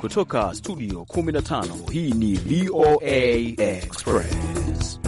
Kutoka studio 15 hii ni VOA Express.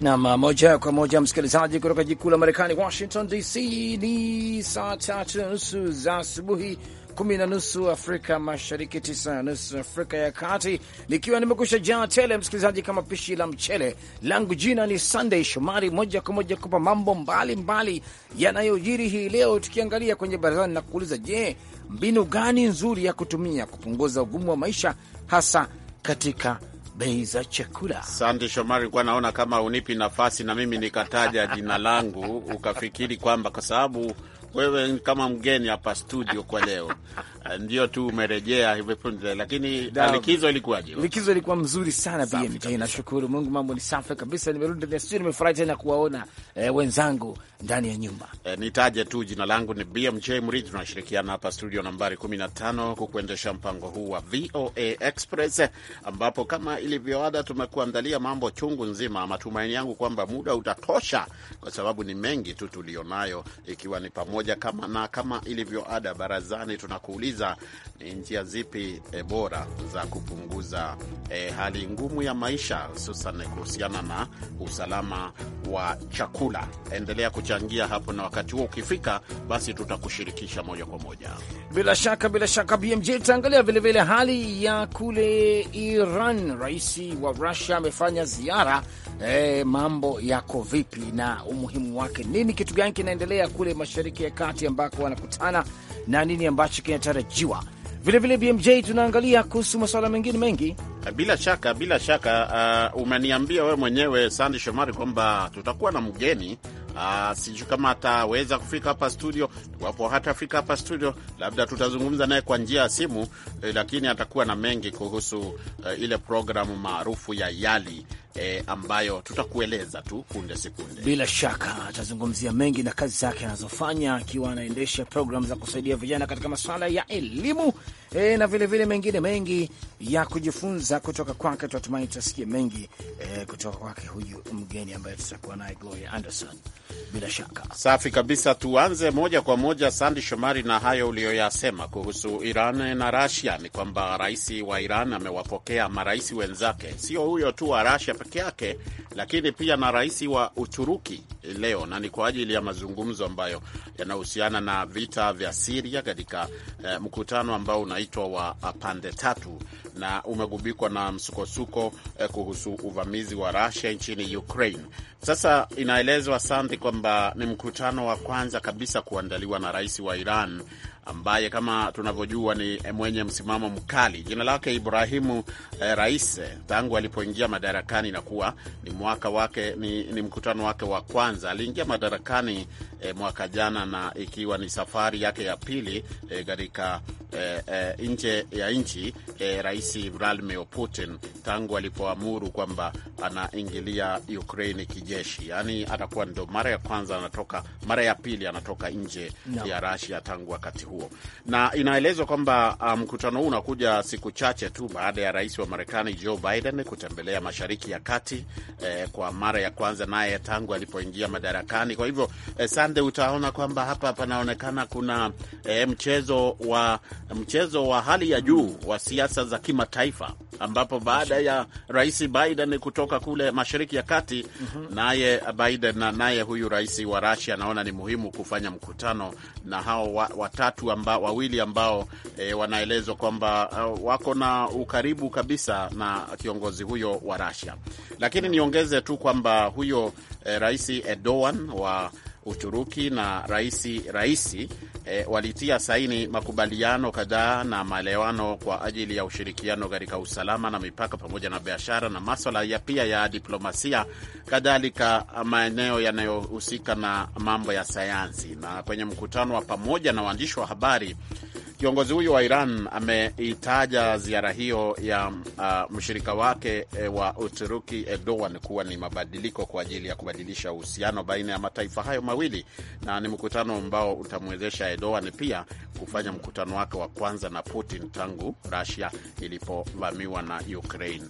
Nam moja kwa moja msikilizaji, kutoka jikuu la Marekani, Washington DC. Ni saa tatu nusu za asubuhi kumi na nusu Afrika Mashariki, tisa na nusu Afrika ya Kati, nikiwa nimekusha jaa tele, msikilizaji, kama pishi la mchele langu. Jina ni Sunday Shomari, moja kwa moja kupa mambo mbalimbali yanayojiri hii leo, tukiangalia kwenye barazani na kuuliza, je, mbinu gani nzuri ya kutumia kupunguza ugumu wa maisha hasa katika bei za chakula. Sande Shomari, kwa naona kama unipi nafasi na mimi nikataja jina langu ukafikiri kwamba kwa sababu wewe kama mgeni hapa studio kwa leo Ah, ndio tu umerejea hivi punde, lakini likizo ilikuwaje? Likizo ilikuwa mzuri sana BMJ, nashukuru Mungu, mambo ni safi kabisa. Nimerudi ndani ya studio, nimefurahi tena kuwaona e, wenzangu ndani ya nyumba e, nitaje tu jina langu ni BMJ Mridhi, tunashirikiana hapa studio nambari 15 kukuendesha mpango huu wa VOA Express, ambapo kama ilivyoada tumekuandalia mambo chungu nzima. Matumaini yangu kwamba muda utatosha, kwa sababu ni mengi tu tulionayo, ikiwa ni pamoja kama na kama ilivyoada barazani tunakuuliza kuuliza ni njia zipi e, bora za kupunguza e, hali ngumu ya maisha hususan kuhusiana na usalama wa chakula. Endelea kuchangia hapo, na wakati huo ukifika, basi tutakushirikisha moja kwa moja. Bila shaka, bila shaka, BMJ tutaangalia vilevile hali ya kule Iran. Rais wa Rusia amefanya ziara e, mambo yako vipi na umuhimu wake nini? Kitu gani kinaendelea kule mashariki ya kati ambako wanakutana na nini ambacho kinatarajiwa. Vilevile BMJ, tunaangalia kuhusu masuala mengine mengi. Bila shaka bila shaka. Uh, umeniambia wewe mwenyewe Sandi Shomari kwamba tutakuwa na mgeni uh, sijui kama ataweza kufika hapa studio. Iwapo hatafika hapa studio, labda tutazungumza naye kwa njia ya simu eh, lakini atakuwa na mengi kuhusu eh, ile programu maarufu ya YALI E, ambayo tutakueleza tu punde sikunde. Bila shaka atazungumzia mengi na kazi zake anazofanya akiwa anaendesha programu za kusaidia vijana katika masuala ya elimu e, na vilevile vile mengine mengi ya kujifunza kutoka kwake. Tunatumai tutasikia mengi e, kutoka kwake huyu mgeni ambaye tutakuwa naye Gloria Anderson bila shaka. Safi kabisa, tuanze moja kwa moja, Sandi Shomari, na hayo uliyoyasema kuhusu Iran na Rasia ni kwamba rais wa Iran amewapokea marais wenzake, sio huyo tu wa Rasia peke yake, lakini pia na rais wa Uturuki leo, na ni kwa ajili ya mazungumzo ambayo yanahusiana na vita vya Siria katika eh, mkutano ambao unaitwa wa pande tatu na umegubikwa na msukosuko eh, kuhusu uvamizi wa Russia nchini Ukraine. Sasa inaelezwa Sandi, kwamba ni mkutano wa kwanza kabisa kuandaliwa na rais wa Iran ambaye kama tunavyojua ni mwenye msimamo mkali. Jina lake Ibrahimu eh, Raise tangu alipoingia madarakani na kuwa ni mwaka wake ni, ni mkutano wake wa kwanza. Aliingia madarakani eh, mwaka jana na ikiwa ni safari yake ya pili eh, katika eh, eh, eh, nje ya nchi eh, Rais Vladimir Putin tangu alipoamuru kwamba anaingilia Ukraini kijeshi, yaani atakuwa ndo mara ya kwanza anatoka, mara ya pili anatoka nje no. ya Rasia tangu wakati huu huo, na inaelezwa kwamba ah, mkutano um, huu unakuja siku chache tu baada ya rais wa Marekani Joe Biden kutembelea Mashariki ya Kati eh, kwa mara ya kwanza naye tangu alipoingia madarakani. Kwa hivyo eh, Sande, utaona kwamba hapa panaonekana kuna eh, mchezo wa mchezo wa hali ya juu wa siasa za kimataifa ambapo baada ya rais Biden kutoka kule mashariki ya kati mm -hmm. naye Biden na naye huyu rais wa Rasia anaona ni muhimu kufanya mkutano na hao watatu amba, wawili ambao e, wanaelezwa kwamba e, wako na ukaribu kabisa na kiongozi huyo wa Rasia, lakini niongeze tu kwamba huyo e, rais Erdogan wa Uturuki na raisi raisi eh, e, walitia saini makubaliano kadhaa na maelewano kwa ajili ya ushirikiano katika usalama na mipaka pamoja na biashara na maswala ya pia ya diplomasia, kadhalika maeneo yanayohusika na mambo ya sayansi. Na kwenye mkutano wa pamoja na waandishi wa habari Kiongozi huyo wa Iran ameitaja ziara hiyo ya uh, mshirika wake e, wa Uturuki Erdogan kuwa ni mabadiliko kwa ajili ya kubadilisha uhusiano baina ya mataifa hayo mawili, na ni mkutano ambao utamwezesha Erdogan pia kufanya mkutano wake wa kwanza na Putin tangu Russia ilipovamiwa na Ukraine.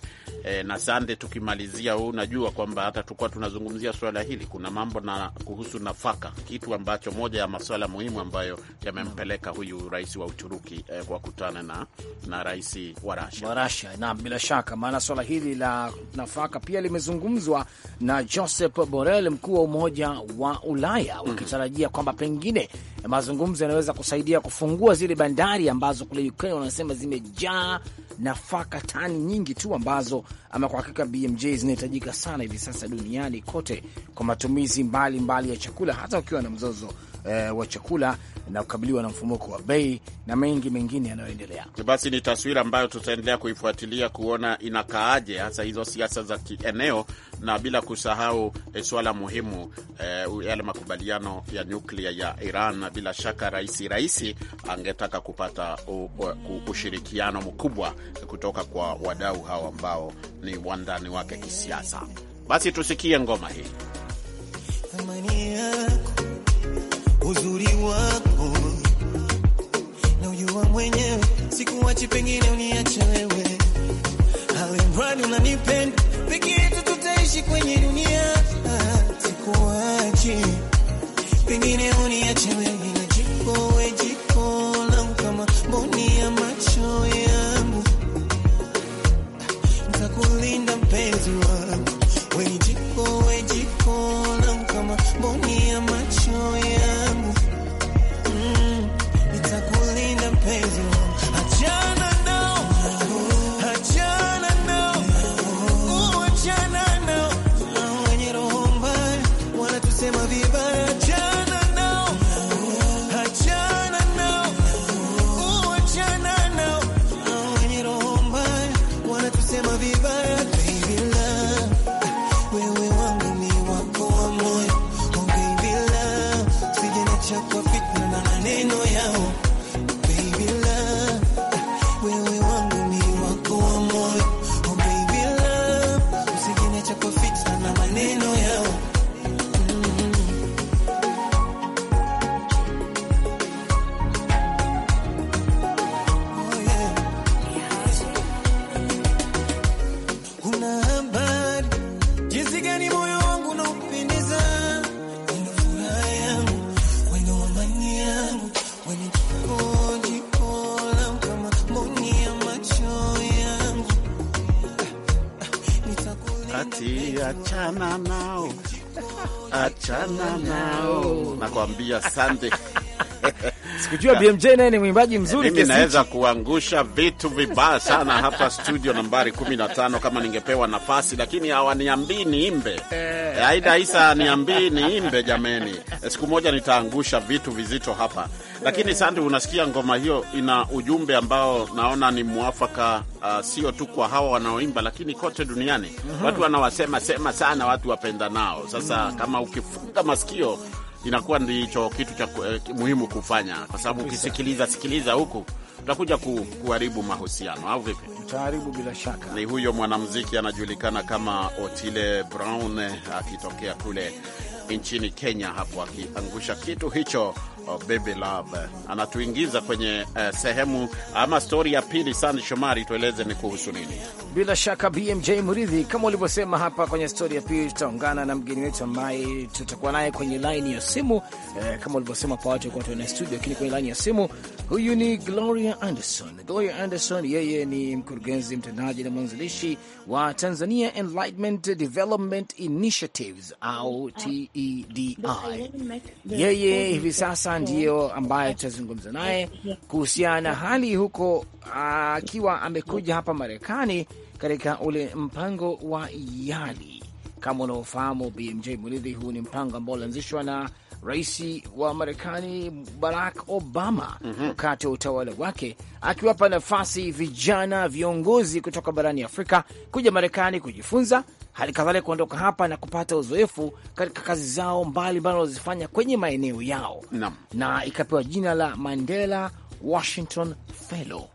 E, na sande, tukimalizia huu, najua kwamba hata tukuwa tunazungumzia suala hili, kuna mambo na kuhusu nafaka, kitu ambacho moja ya masuala muhimu ambayo yamempeleka huyu rais wa Uturuki eh, kwa kutana na, na rais wa Rasia wa Rasia. bila shaka, maana swala hili la nafaka pia limezungumzwa na josep Borrell, mkuu wa Umoja wa Ulaya, mm-hmm. wakitarajia kwamba pengine mazungumzo yanaweza kusaidia kufungua zile bandari ambazo kule Ukraine wanasema zimejaa nafaka tani nyingi tu ambazo ama kwa hakika BMJ zinahitajika sana hivi sasa duniani kote kwa matumizi mbalimbali mbali ya chakula, hata ukiwa na mzozo Eh, wa chakula na kukabiliwa na mfumuko wa bei na mengi mengine yanayoendelea. Basi ni taswira ambayo tutaendelea kuifuatilia kuona inakaaje, hasa hizo siasa za kieneo, na bila kusahau e, swala muhimu e, yale makubaliano ya nyuklia ya Iran, na bila shaka raisi raisi angetaka kupata u, u, ushirikiano mkubwa kutoka kwa wadau hao ambao ni wandani wake kisiasa. Basi tusikie ngoma hii uzuri wako na ujua mwenyewe, sikuachi pengine uniache wewe, hawe mradi unanipenda peke yetu, tutaishi kwenye dunia, sikuachi pengine uniache wewe, najikoweji jinsi gani moyo wangu na upendeza furaha yangu, wendo, amani yangu, wendo jikola kama mboni ya macho yangu, ati achana nao, achana nao, nakwambia sande Sikujua BMJ naye ni mwimbaji mzuri. Mimi naweza kuangusha vitu vibaya sana hapa studio nambari 15 kama ningepewa nafasi, lakini hawaniambii niimbe. Eh. Aida Isa niambii niimbe, jameni, eh, siku moja nitaangusha vitu vizito hapa. Lakini Sandi, unasikia ngoma hiyo ina ujumbe ambao naona ni mwafaka, uh, sio tu kwa hawa wanaoimba, lakini kote duniani. Mm -hmm. Watu wanawasema sema sana watu wapenda nao. Sasa kama ukifunga masikio inakuwa ndicho kitu cha eh, muhimu kufanya, kwa sababu ukisikiliza sikiliza huku utakuja ku, kuharibu mahusiano au vipi? Utaharibu bila shaka. Ni huyo mwanamuziki anajulikana kama Otile Brown eh, akitokea kule nchini Kenya hapo akiangusha kitu hicho oh, baby love anatuingiza kwenye uh, sehemu ama stori ya pili. Sandi Shomari, tueleze ni kuhusu nini? Bila shaka BMJ Mridhi, kama ulivyosema hapa kwenye stori ya pili, tutaungana na mgeni wetu ambaye tutakuwa naye kwenye laini ya simu eh, kama ulivyosema pa watu tuene studio, lakini kwenye laini ya simu huyu ni Gloria Anderson. Gloria Anderson yeye ni mkurugenzi mtendaji na mwanzilishi wa Tanzania Enlightenment Development Initiatives au e TEDI. Yeye hivi sasa ndiyo ambaye tutazungumza naye kuhusiana na hali huko, ah, akiwa amekuja hapa Marekani katika ule mpango wa YALI. Kama unaofahamu BMJ Muridhi, huu ni mpango ambao ulianzishwa na rais wa Marekani Barack Obama mhm. wakati mm -hmm. wa utawala wake, akiwapa nafasi vijana viongozi kutoka barani Afrika kuja Marekani kujifunza hali kadhalika kuondoka hapa na kupata uzoefu katika kazi zao mbalimbali wanazozifanya kwenye maeneo yao na, na ikapewa jina la Mandela Washington Fellow.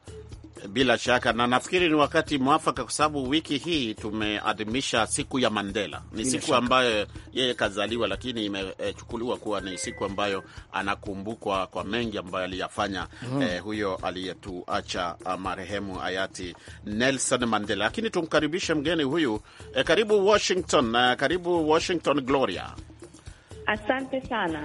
Bila shaka na nafikiri ni wakati mwafaka, kwa sababu wiki hii tumeadhimisha siku ya Mandela. Ni siku shaka ambayo yeye kazaliwa, lakini imechukuliwa kuwa ni siku ambayo anakumbukwa kwa mengi ambayo aliyafanya, mm. eh, huyo aliyetuacha ah, marehemu hayati Nelson Mandela. Lakini tumkaribishe mgeni huyu eh, karibu Washington eh, karibu Washington Gloria. Asante sana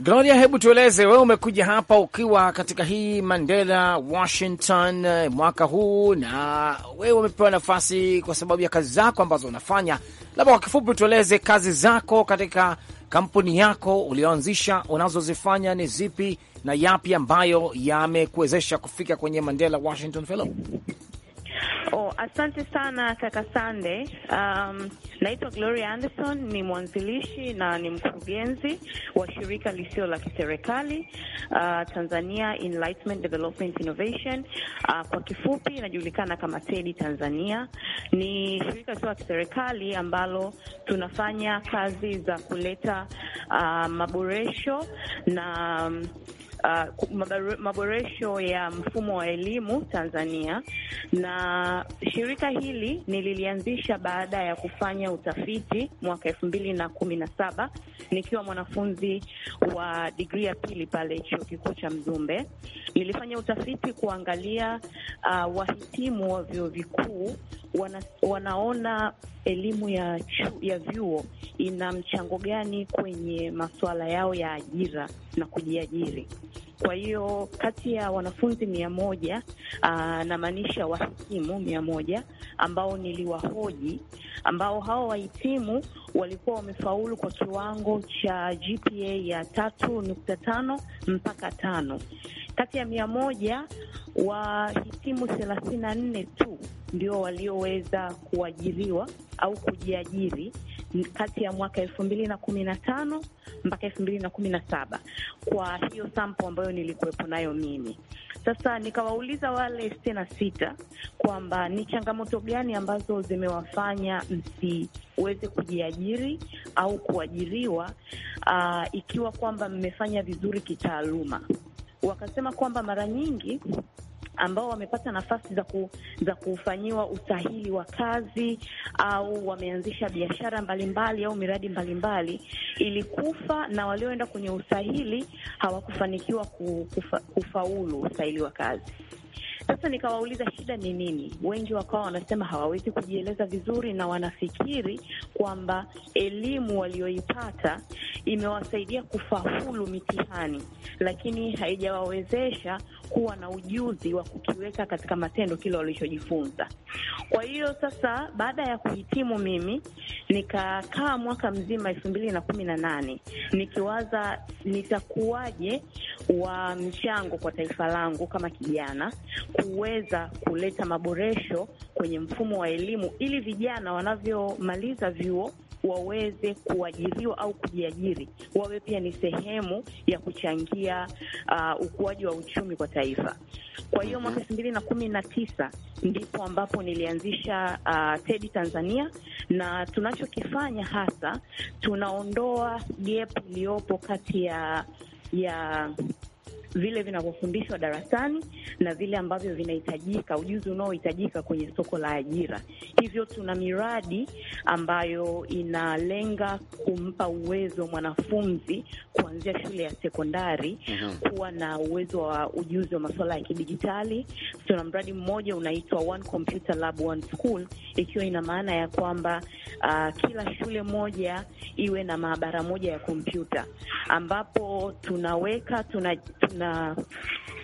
Gloria, hebu tueleze wewe, umekuja hapa ukiwa katika hii Mandela Washington eh, mwaka huu, na wewe umepewa nafasi kwa sababu ya kazi zako ambazo unafanya. Labda kwa kifupi tueleze kazi zako katika kampuni yako ulioanzisha, unazozifanya ni zipi na yapi ambayo yamekuwezesha kufika kwenye Mandela Washington Fellow? Oh, asante sana kaka Sande. Um, naitwa Gloria Anderson, ni mwanzilishi na ni mkurugenzi wa shirika lisilo la kiserikali uh, Tanzania Enlightenment Development Innovation uh, kwa kifupi inajulikana kama TEDI Tanzania. Ni shirika lisio la kiserikali ambalo tunafanya kazi za kuleta uh, maboresho na um, uh, maboresho ya mfumo wa elimu Tanzania, na shirika hili nililianzisha baada ya kufanya utafiti mwaka elfu mbili na kumi na saba nikiwa mwanafunzi wa digrii ya pili pale chuo kikuu cha Mzumbe. Nilifanya utafiti kuangalia uh, wahitimu wa vyuo vikuu wana, wanaona elimu ya ya vyuo ina mchango gani kwenye masuala yao ya ajira na kujiajiri. Kwa hiyo kati ya wanafunzi mia moja namaanisha wahitimu mia moja ambao niliwahoji, ambao hawa wahitimu walikuwa wamefaulu kwa kiwango cha GPA ya tatu nukta tano mpaka tano kati ya mia moja wahitimu thelathini na nne tu ndio walioweza kuajiriwa au kujiajiri kati ya mwaka elfu mbili na kumi na tano mpaka elfu mbili na kumi na saba kwa hiyo sampo ambayo nilikuwepo nayo mimi. Sasa nikawauliza wale sitini na sita kwamba ni changamoto gani ambazo zimewafanya msiweze kujiajiri au kuajiriwa, uh, ikiwa kwamba mmefanya vizuri kitaaluma wakasema kwamba mara nyingi ambao wamepata nafasi za, ku, za kufanyiwa usahili wa kazi au wameanzisha biashara mbalimbali au miradi mbalimbali ilikufa, na walioenda kwenye usahili hawakufanikiwa kufa, kufaulu usahili wa kazi. Sasa nikawauliza shida ni nini, wengi wakawa wanasema hawawezi kujieleza vizuri na wanafikiri kwamba elimu walioipata imewasaidia kufahulu mitihani, lakini haijawawezesha kuwa na ujuzi wa kukiweka katika matendo kile walichojifunza. Kwa hiyo sasa, baada ya kuhitimu mimi nikakaa mwaka mzima elfu mbili na kumi na nane nikiwaza nitakuwaje wa mchango kwa taifa langu kama kijana, kuweza kuleta maboresho kwenye mfumo wa elimu ili vijana wanavyomaliza vyuo waweze kuajiriwa au kujiajiri, wawe pia ni sehemu ya kuchangia uh, ukuaji wa uchumi kwa taifa. Kwa hiyo mhm. mwaka elfu mbili na kumi na tisa ndipo ambapo nilianzisha uh, TEDI Tanzania, na tunachokifanya hasa tunaondoa gepu iliyopo kati ya ya vile vinavyofundishwa darasani na vile ambavyo vinahitajika, ujuzi unaohitajika kwenye soko la ajira. Hivyo tuna miradi ambayo inalenga kumpa uwezo mwanafunzi kuanzia shule ya sekondari mhm. kuwa na uwezo wa ujuzi wa masuala ya kidijitali. Tuna mradi mmoja unaitwa One Computer Lab One School, ikiwa ina maana ya kwamba uh, kila shule moja iwe na maabara moja ya kompyuta ambapo tunaweka tuna, tuna tuna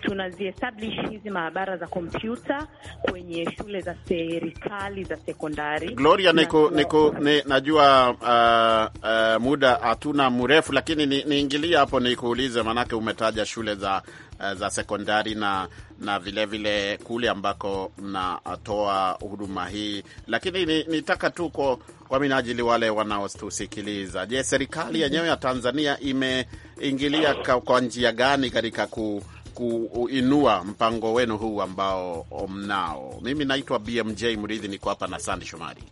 tunaziestablish hizi maabara za kompyuta kwenye shule za serikali za sekondari. Gloria, niko, niko, ni, najua uh, uh, muda hatuna mrefu, lakini niingilie ni hapo nikuulize, maanake umetaja shule za uh, za sekondari na na vilevile vile kule ambako mnatoa huduma hii, lakini nitaka ni tu kwa minajili wale wanaotusikiliza, je, serikali mhm. yenyewe ya Tanzania ime ingilia kwa njia gani katika ku kuinua mpango wenu huu ambao mnao? Mimi naitwa BMJ Mridhi, niko hapa na Sandi Shomari.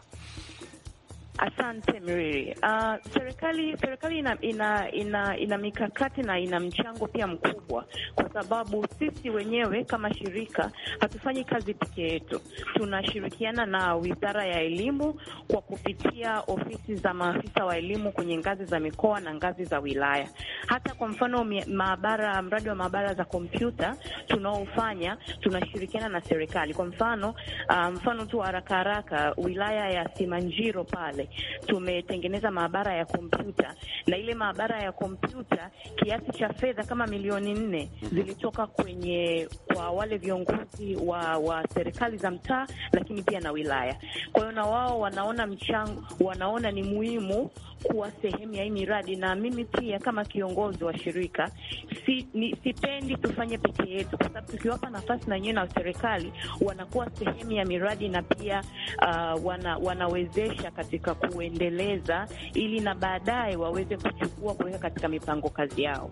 Asante Mriri. Uh, ah, serikali serikali ina, ina, ina, ina mikakati na ina mchango pia mkubwa, kwa sababu sisi wenyewe kama shirika hatufanyi kazi peke yetu. Tunashirikiana na Wizara ya Elimu kwa kupitia ofisi za maafisa wa elimu kwenye ngazi za mikoa na ngazi za wilaya. Hata kwa mfano maabara, mradi wa maabara za kompyuta tunaofanya tunashirikiana na serikali. Kwa mfano uh, mfano tu haraka haraka, wilaya ya Simanjiro pale tumetengeneza maabara ya kompyuta, na ile maabara ya kompyuta kiasi cha fedha kama milioni nne mhm. zilitoka kwenye kwa wale viongozi wa, wa serikali za mtaa, lakini pia na wilaya. Kwa hiyo na wao wanaona mchango, wanaona ni muhimu kuwa sehemu ya hii miradi, na mimi pia kama kiongozi wa shirika si, ni, sipendi tufanye peke yetu, kwa sababu tukiwapa nafasi na wenyewe na serikali wanakuwa sehemu ya miradi na pia uh, wana, wanawezesha katika kuendeleza, ili na baadaye waweze kuchukua kuweka katika mipango kazi yao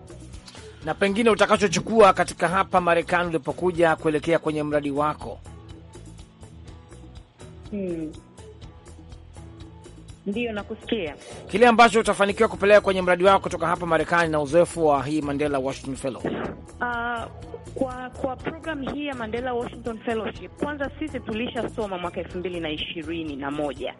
na pengine utakachochukua katika hapa Marekani ulipokuja kuelekea kwenye mradi wako. Hmm. Ndiyo, nakusikia. Kile ambacho utafanikiwa kupeleka kwenye mradi wako kutoka hapa Marekani na uzoefu wa hii Mandela Washington Fellow. Uh, kwa kwa programu hii ya Mandela Washington Fellowship, kwanza sisi tulishasoma mwaka elfu mbili na ishirini na moja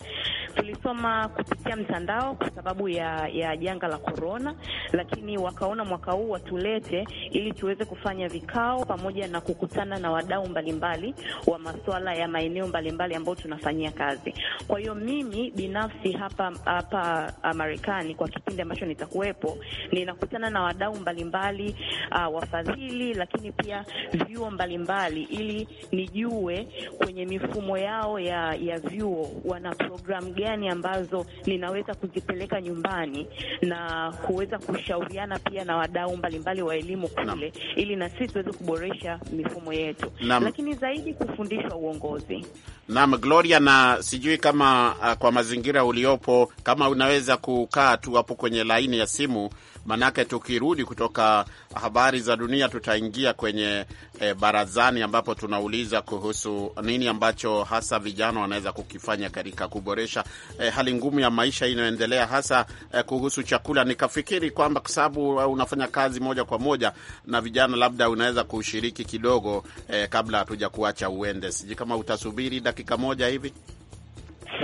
tulisoma kupitia mtandao kwa sababu ya ya janga la korona, lakini wakaona mwaka huu watulete ili tuweze kufanya vikao pamoja na kukutana na wadau mbalimbali wa masuala ya maeneo mbalimbali ambayo tunafanyia kazi. Kwa hiyo mimi binafsi hapa hapa ah, Marekani kwa kipindi ambacho nitakuwepo, ninakutana na wadau mbalimbali uh, wafadhili, lakini pia vyuo mbalimbali, ili nijue kwenye mifumo yao ya, ya vyuo wana programu gani ambazo ninaweza kuzipeleka nyumbani na kuweza kushauriana pia na wadau mbalimbali wa elimu kule, ili na sisi tuweze kuboresha mifumo yetu Nam. Lakini zaidi kufundishwa uongozi. Naam, Gloria, na sijui kama uh, kwa mazingira ulio uliopo, kama unaweza kukaa tu hapo kwenye laini ya simu, manake tukirudi kutoka habari za dunia tutaingia kwenye e, barazani ambapo tunauliza kuhusu nini ambacho hasa vijana wanaweza kukifanya katika kuboresha e, hali ngumu ya maisha inayoendelea hasa e, kuhusu chakula. Nikafikiri kwamba kwa sababu unafanya kazi moja kwa moja na vijana, labda unaweza kushiriki kidogo e, kabla hatuja kuacha uende. Sijui kama utasubiri dakika moja hivi.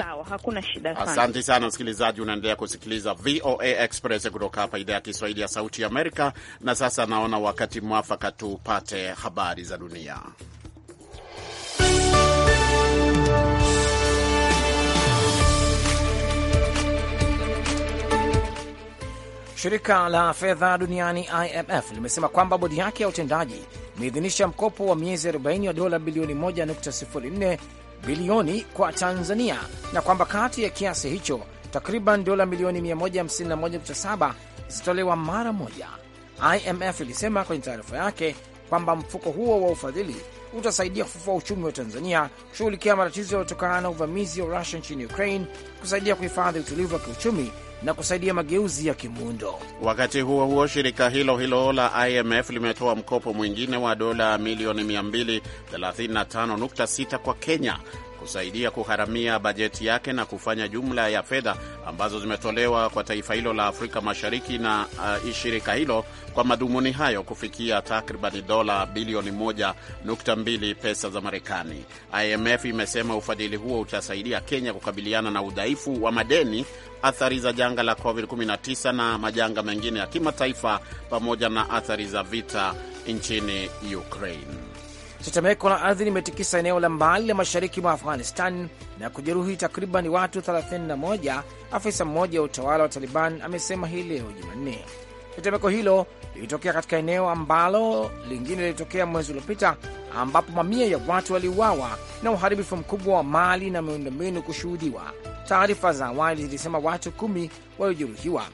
Sawa, hakuna shida sana. Asante sana msikilizaji, unaendelea kusikiliza VOA Express kutoka hapa idhaa ya Kiswahili ya Sauti ya Amerika. Na sasa naona wakati mwafaka tupate habari za dunia. Shirika la fedha duniani IMF limesema kwamba bodi yake ya utendaji imeidhinisha mkopo wa miezi 40 wa dola bilioni 1.04 bilioni kwa Tanzania na kwamba kati ya kiasi hicho takriban dola milioni 151.7 zitatolewa mara moja. IMF ilisema kwenye taarifa yake kwamba mfuko huo wa ufadhili utasaidia kufufua uchumi wa Tanzania, kushughulikia matatizo yaliyotokana na uvamizi wa Rusia nchini Ukraine, kusaidia kuhifadhi utulivu wa kiuchumi na kusaidia mageuzi ya kimuundo. Wakati huo huo, shirika hilo hilo la IMF limetoa mkopo mwingine wa dola milioni 235.6 kwa Kenya kusaidia kuharamia bajeti yake na kufanya jumla ya fedha ambazo zimetolewa kwa taifa hilo la Afrika Mashariki na uh, shirika hilo kwa madhumuni hayo kufikia takribani dola bilioni 1.2 pesa za Marekani. IMF imesema ufadhili huo utasaidia Kenya kukabiliana na udhaifu wa madeni athari za janga la COVID-19 na majanga mengine ya kimataifa pamoja na athari za vita nchini Ukraine. Tetemeko la ardhi limetikisa eneo la mbali la mashariki mwa Afghanistan na kujeruhi takriban watu 31, afisa mmoja wa utawala wa Taliban amesema hii leo Jumanne. Tetemeko hilo lilitokea katika eneo ambalo lingine lilitokea mwezi uliopita, ambapo mamia ya watu waliuawa na uharibifu mkubwa wa mali na miundombinu kushuhudiwa. Taarifa za awali zilisema watu kumi waliojeruhiwa.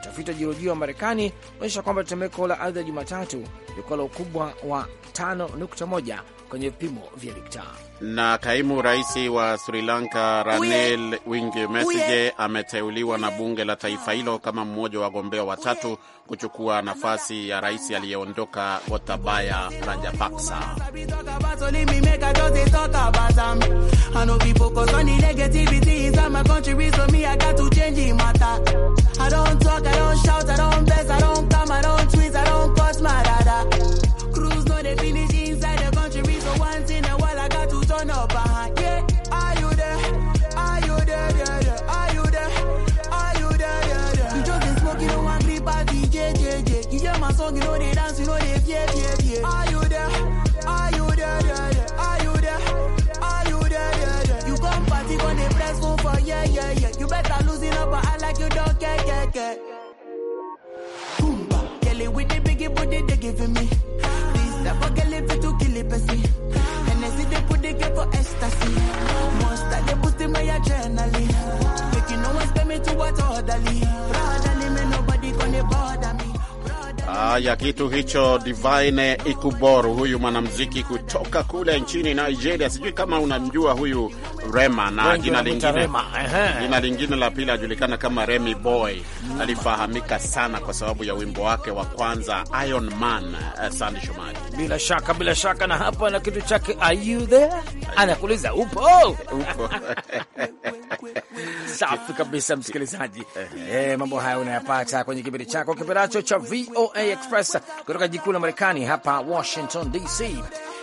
Utafiti wa jiolojia wa Marekani unaonyesha kwamba tetemeko la ardhi ya Jumatatu lilikuwa la ukubwa wa 5.1 kwenye vipimo vya Rikta. Na kaimu rais wa Sri Lanka Ranil Wickremesinghe ameteuliwa na bunge la taifa hilo kama mmoja wa wagombea watatu kuchukua nafasi ya rais aliyeondoka Gotabaya Rajapaksa. fuck, you know they dance, you know they yeah, yeah, yeah. Are you there? Are you there, there, there? Are you there? Are you there, there, there? You come party, gonna press phone for yeah, yeah, yeah. You better lose it up, but I like you don't care care care. Boomba, girl, with the biggie booty, they giving me. ya kitu hicho Divine Ikuboru, huyu mwanamuziki kutoka kule nchini Nigeria. Sijui kama unamjua huyu Rema na jina lingine, jina lingine la pili ajulikana kama Remy Boy. mm. Alifahamika sana kwa sababu ya wimbo wake wa kwanza Iron Man. Uh, eh, Sandy Shomari, bila shaka bila shaka, na hapa na kitu chake Are You There, anakuuliza upo upo. Safi kabisa msikilizaji. Eh, mambo haya unayapata kwenye kipindi chako kipindi cha VOA Express kutoka jikuu la Marekani hapa Washington DC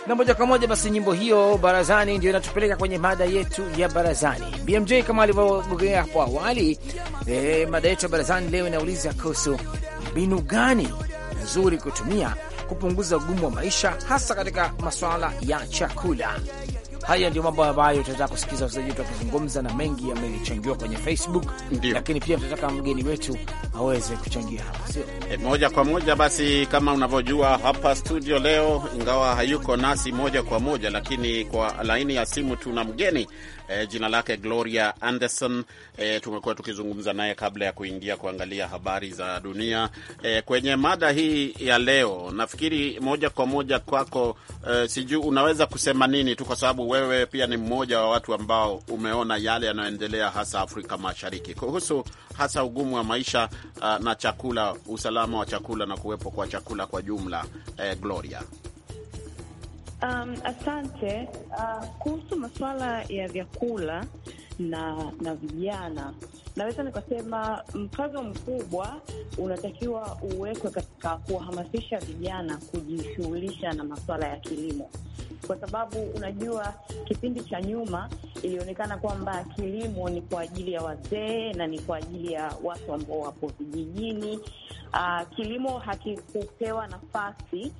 na moja kwa moja basi nyimbo hiyo barazani ndio inatupeleka kwenye mada yetu ya barazani. BMJ kama alivyogogea hapo awali e, mada yetu ya barazani leo inauliza kuhusu mbinu gani nzuri kutumia kupunguza ugumu wa maisha hasa katika masuala ya chakula. Haya ndio mambo ambayo tutataka kusikiza wachezaji wetu wakizungumza, na mengi yamechangiwa kwenye Facebook, lakini pia tunataka mgeni wetu aweze kuchangia hapa, sio e, moja kwa moja. Basi kama unavyojua hapa studio leo, ingawa hayuko nasi moja kwa moja, lakini kwa laini ya simu tuna mgeni e, jina lake Gloria Anderson. E, tumekuwa tukizungumza naye kabla ya kuingia kuangalia habari za dunia e, kwenye mada hii ya leo. Nafikiri moja kwa moja kwako, e, sijui unaweza kusema nini tu, kwa sababu wewe pia ni mmoja wa watu ambao umeona yale yanayoendelea hasa Afrika Mashariki kuhusu hasa ugumu wa maisha a, na chakula, usalama wa chakula na kuwepo kwa chakula kwa jumla. E, Gloria Um, asante. Uh, kuhusu masuala ya vyakula na na vijana, naweza nikasema mkazo mkubwa unatakiwa uwekwe katika kuwahamasisha vijana kujishughulisha na masuala ya kilimo, kwa sababu unajua, kipindi cha nyuma ilionekana kwamba kilimo ni kwa ajili ya wazee na ni kwa ajili ya watu ambao wapo vijijini. Uh, kilimo hakikupewa nafasi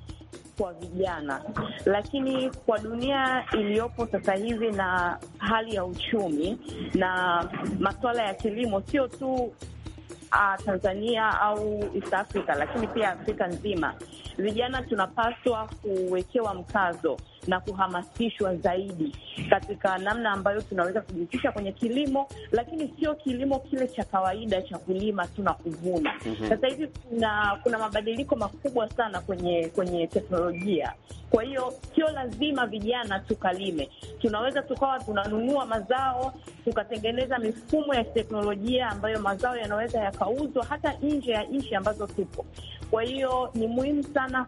kwa vijana, lakini kwa dunia iliyopo sasa hivi na hali ya uchumi na masuala ya kilimo, sio tu uh, Tanzania au East Africa, lakini pia Afrika nzima, vijana tunapaswa kuwekewa mkazo na kuhamasishwa zaidi katika namna ambayo tunaweza kujihusisha kwenye kilimo, lakini sio kilimo kile cha kawaida cha kulima tu na kuvuna. mm -hmm. Sasa hivi kuna, kuna mabadiliko makubwa sana kwenye kwenye teknolojia. Kwa hiyo sio lazima vijana tukalime, tunaweza tukawa tunanunua mazao tukatengeneza mifumo ya teknolojia ambayo mazao yanaweza yakauzwa hata nje ya nchi ambazo tupo. Kwa hiyo ni muhimu sana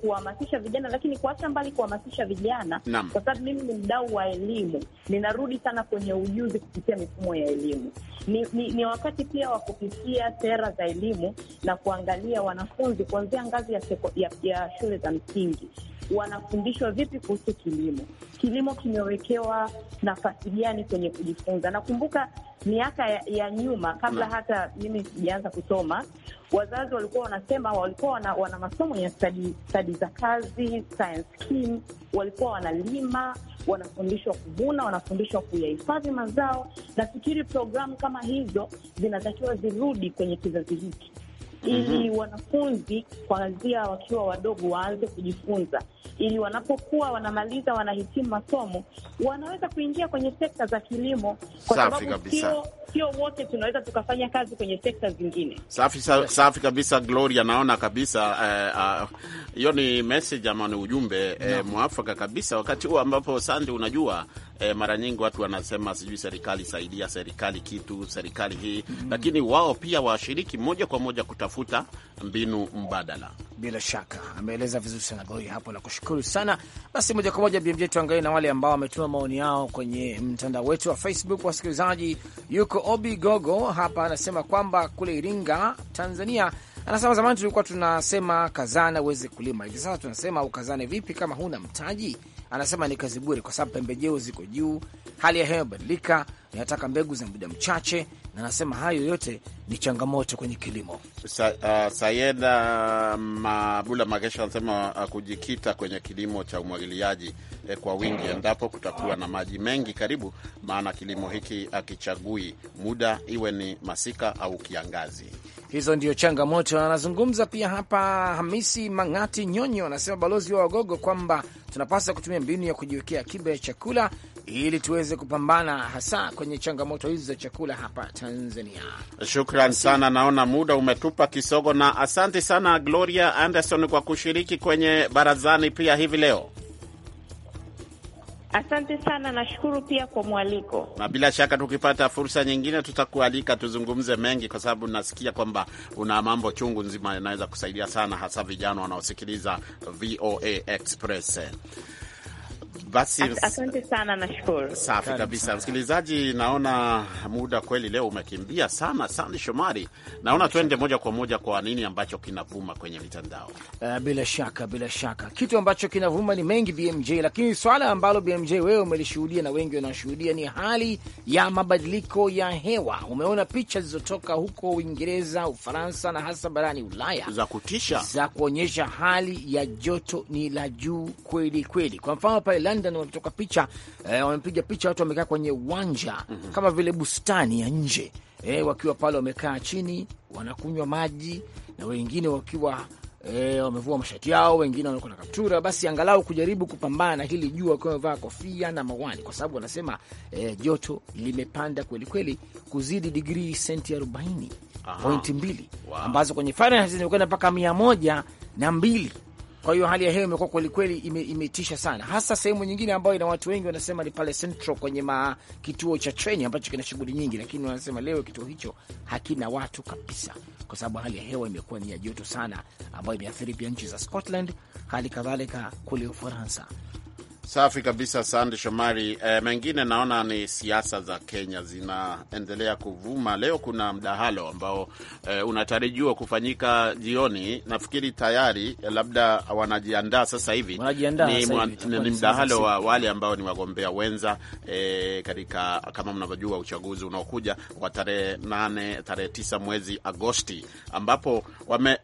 kuhamasisha ku, vijana, lakini kuacha mbali kuhamasisha vijana Nam. kwa sababu mimi ni mdau wa elimu, ninarudi sana kwenye ujuzi kupitia mifumo ya elimu. Ni, ni, ni wakati pia wa kupitia sera za elimu na kuangalia wanafunzi kuanzia ngazi ya, seko, ya, ya shule za msingi wanafundishwa vipi kuhusu kilimo, kilimo kimewekewa nafasi gani kwenye kujifunza. Nakumbuka miaka ya, ya nyuma kabla hata mimi sijaanza kusoma wazazi walikuwa wanasema walikuwa wana, wana masomo ya stadi, stadi za kazi science scheme, walikuwa wanalima, wanafundishwa kuvuna, wanafundishwa kuyahifadhi mazao. Nafikiri programu kama hizo zinatakiwa zirudi kwenye kizazi hiki ili mm -hmm. wanafunzi kuanzia wakiwa wadogo waanze kujifunza ili wanapokuwa wanamaliza wanahitimu masomo wanaweza kuingia kwenye sekta za kilimo, kwa sababu sio sio wote tunaweza tukafanya kazi kwenye sekta zingine. Safi, sa, safi kabisa. Gloria, naona kabisa eh, ah, hiyo eh, eh, ni message ama ni ujumbe eh, mwafaka kabisa wakati huo ambapo sande, unajua E, mara nyingi watu wanasema sijui serikali saidia serikali kitu serikali hii mm -hmm. Lakini wao pia washiriki moja kwa moja kutafuta mbinu mbadala. Bila shaka ameeleza vizuri sana Gloria hapo kushukuru sana. Basi moja kwa moja BMJ, tuangalie na wale ambao wametuma maoni yao kwenye mtandao wetu wa Facebook. Wasikilizaji, yuko Obi Gogo hapa anasema kwamba kule Iringa, Tanzania, anasema zamani tulikuwa tunasema kazana uweze kulima, hivi sasa tunasema ukazane vipi kama huna mtaji? Anasema ni kazi bure, kwa sababu pembejeo ziko juu, hali ya hewa imebadilika, inataka mbegu za muda mchache anasema hayo yote ni changamoto kwenye kilimo. Sa, uh, Sayeda um, Mabula Magesha anasema uh, kujikita kwenye kilimo cha umwagiliaji eh, kwa wingi endapo kutakuwa na maji mengi karibu, maana kilimo hiki akichagui muda iwe ni masika au kiangazi. Hizo ndio changamoto anazungumza. Pia hapa Hamisi Mang'ati Nyonyo anasema balozi wa Wagogo kwamba tunapaswa kutumia mbinu ya kujiwekea akiba ya chakula ili tuweze kupambana hasa kwenye changamoto hizi za chakula hapa Tanzania. Shukran sana, naona muda umetupa kisogo, na asante sana Gloria Anderson kwa kushiriki kwenye barazani pia hivi leo. Asante sana, nashukuru pia kwa mwaliko, na bila shaka tukipata fursa nyingine tutakualika tuzungumze mengi, kwa sababu nasikia kwamba una mambo chungu nzima yanaweza kusaidia sana, hasa vijana wanaosikiliza VOA Express. Basi asante sana, nashukuru. Safi kabisa, msikilizaji. Naona muda kweli leo umekimbia sana. sandi Shomari, naona tuende moja kwa moja kwa nini ambacho kinavuma kwenye mitandao. Uh, bila shaka, bila shaka kitu ambacho kinavuma ni mengi BMJ, lakini swala ambalo BMJ wewe umelishuhudia na wengi wanashuhudia ni hali ya mabadiliko ya hewa. Umeona picha zilizotoka huko Uingereza, Ufaransa na hasa barani Ulaya za kutisha, za kuonyesha hali ya joto ni la juu kweli kweli. Kwa mfano pale London wametoka picha eh, wamepiga picha watu wamekaa kwenye uwanja mm -hmm. kama vile bustani ya nje eh, wakiwa pale wamekaa chini wanakunywa maji na wengine wakiwa E, wamevua mashati yao, wengine wanakuwa na kaptura, basi angalau kujaribu kupambana na hili jua, wakiwa wamevaa kofia na mawani, kwa sababu wanasema e, joto limepanda kwelikweli kuzidi digrii senti arobaini pointi mbili wow, ambazo kwenye Fahrenheit mpaka mia moja na mbili kwa hiyo hali ya hewa imekuwa kwelikweli imetisha sana, hasa sehemu nyingine ambayo ina watu wengi wanasema ni pale Central kwenye ma kituo cha treni ambacho kina shughuli nyingi, lakini wanasema leo kituo hicho hakina watu kabisa, kwa sababu hali ya hewa imekuwa ni ya joto sana, ambayo imeathiri pia nchi za Scotland, hali kadhalika kule Ufaransa. Safi kabisa, sande Shomari. E, mengine naona ni siasa za Kenya zinaendelea kuvuma. Leo kuna mdahalo ambao e, unatarajiwa kufanyika jioni, nafikiri tayari, eh, labda wanajiandaa sasa hivi. Ni, mdahalo wa wale ambao ni wagombea wenza e, katika kama mnavyojua uchaguzi unaokuja wa tarehe nane tarehe tisa mwezi Agosti, ambapo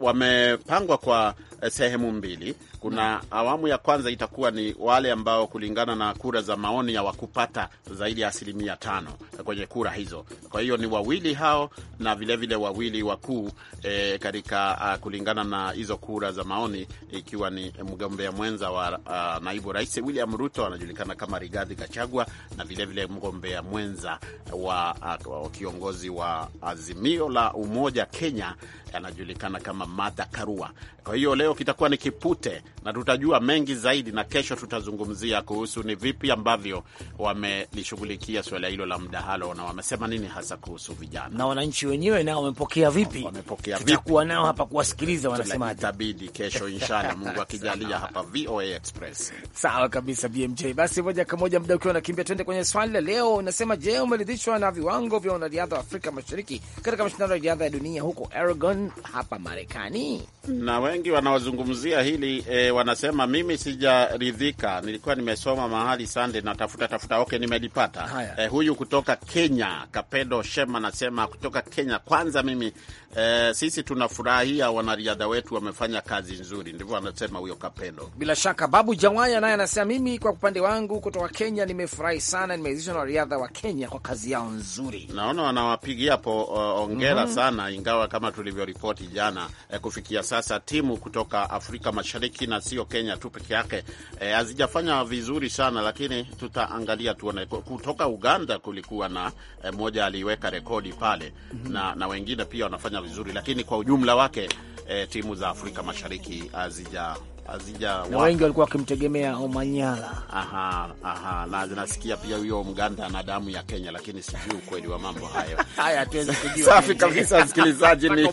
wamepangwa wame kwa sehemu mbili. Kuna awamu ya kwanza itakuwa ni wale ambao ambao kulingana na kura za maoni hawakupata zaidi ya asilimia tano kwenye kura hizo. Kwa hiyo ni wawili hao na vilevile wawili wakuu e, katika kulingana na hizo kura za maoni, ikiwa ni mgombea mwenza wa a, naibu rais William Ruto anajulikana kama Rigathi Gachagua na vilevile mgombea mwenza wa a, kiongozi wa Azimio la Umoja Kenya anajulikana kama Martha Karua. Kwa hiyo leo kitakuwa ni kipute na tutajua mengi zaidi, na kesho tutazungumzia kuhusu ni vipi ambavyo wamelishughulikia suala hilo la mdahalo na wamesema nini hasa kuhusu vijana na wananchi wenyewe nao wamepokea vipi. Wamepokea vipi? Tutakuwa nao hapa kuwasikiliza wanasema, itabidi kesho inshallah, Mungu akijalia, hapa VOA Express. Sawa kabisa BMJ. Basi moja kwa moja, muda ukiwa nakimbia, twende kwenye swali la leo. Unasema, je, umeridhishwa na viwango vya wanariadha wa Afrika Mashariki katika mashindano ya riadha ya dunia huko Aragon hapa Marekani, na wengi wanaozungumzia hili e, wanasema mimi sijaridhika. Nilikuwa nimesoma mahali sande natafuta tafuta tafuta, okay, nimelipata e, huyu kutoka Kenya Kapedo Shema anasema kutoka Kenya, kwanza mimi e, sisi tunafurahia wanariadha wetu wamefanya kazi nzuri, ndivyo anasema huyo Kapedo. Bila shaka Babu Jawaya naye anasema mimi kwa upande wangu kutoka Kenya nimefurahi sana, nimewezeshwa na wariadha wa Kenya kwa kazi yao nzuri. Naona wanawapigia po uh, ongera mm -hmm. sana ingawa kama tulivyo ripoti jana. E, kufikia sasa timu kutoka Afrika Mashariki na sio Kenya tu peke yake eh, hazijafanya e, vizuri sana, lakini tutaangalia tuone. Kutoka Uganda kulikuwa na e, eh, moja aliweka rekodi pale mm -hmm. na, na wengine pia wanafanya vizuri, lakini kwa ujumla wake e, timu za Afrika Mashariki hazija hazija wengi walikuwa wakimtegemea Omanyala. Aha, aha, na zinasikia pia huyo Mganda na damu ya Kenya, lakini sijui ukweli wa mambo hayo. Haya, kujua. Safi kabisa, msikilizaji ni,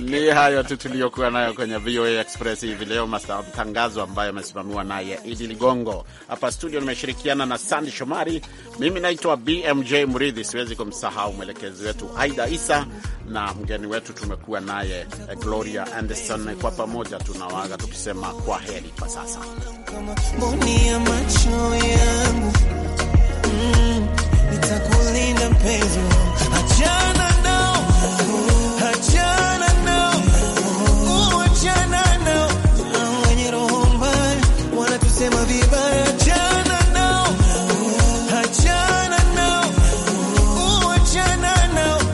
ni hayo tu tuliyokuwa nayo kwenye VOA Express hivi leo, matangazo ambayo amesimamiwa naye Idi Ligongo. Hapa studio nimeshirikiana na Sandi Shomari, mimi naitwa BMJ Mridhi. Siwezi kumsahau mwelekezi wetu Aida Isa na mgeni wetu tumekuwa naye eh, Gloria Anderson. Kwa pamoja tunawaaga tukisema anasema kwa heri kwa sasa.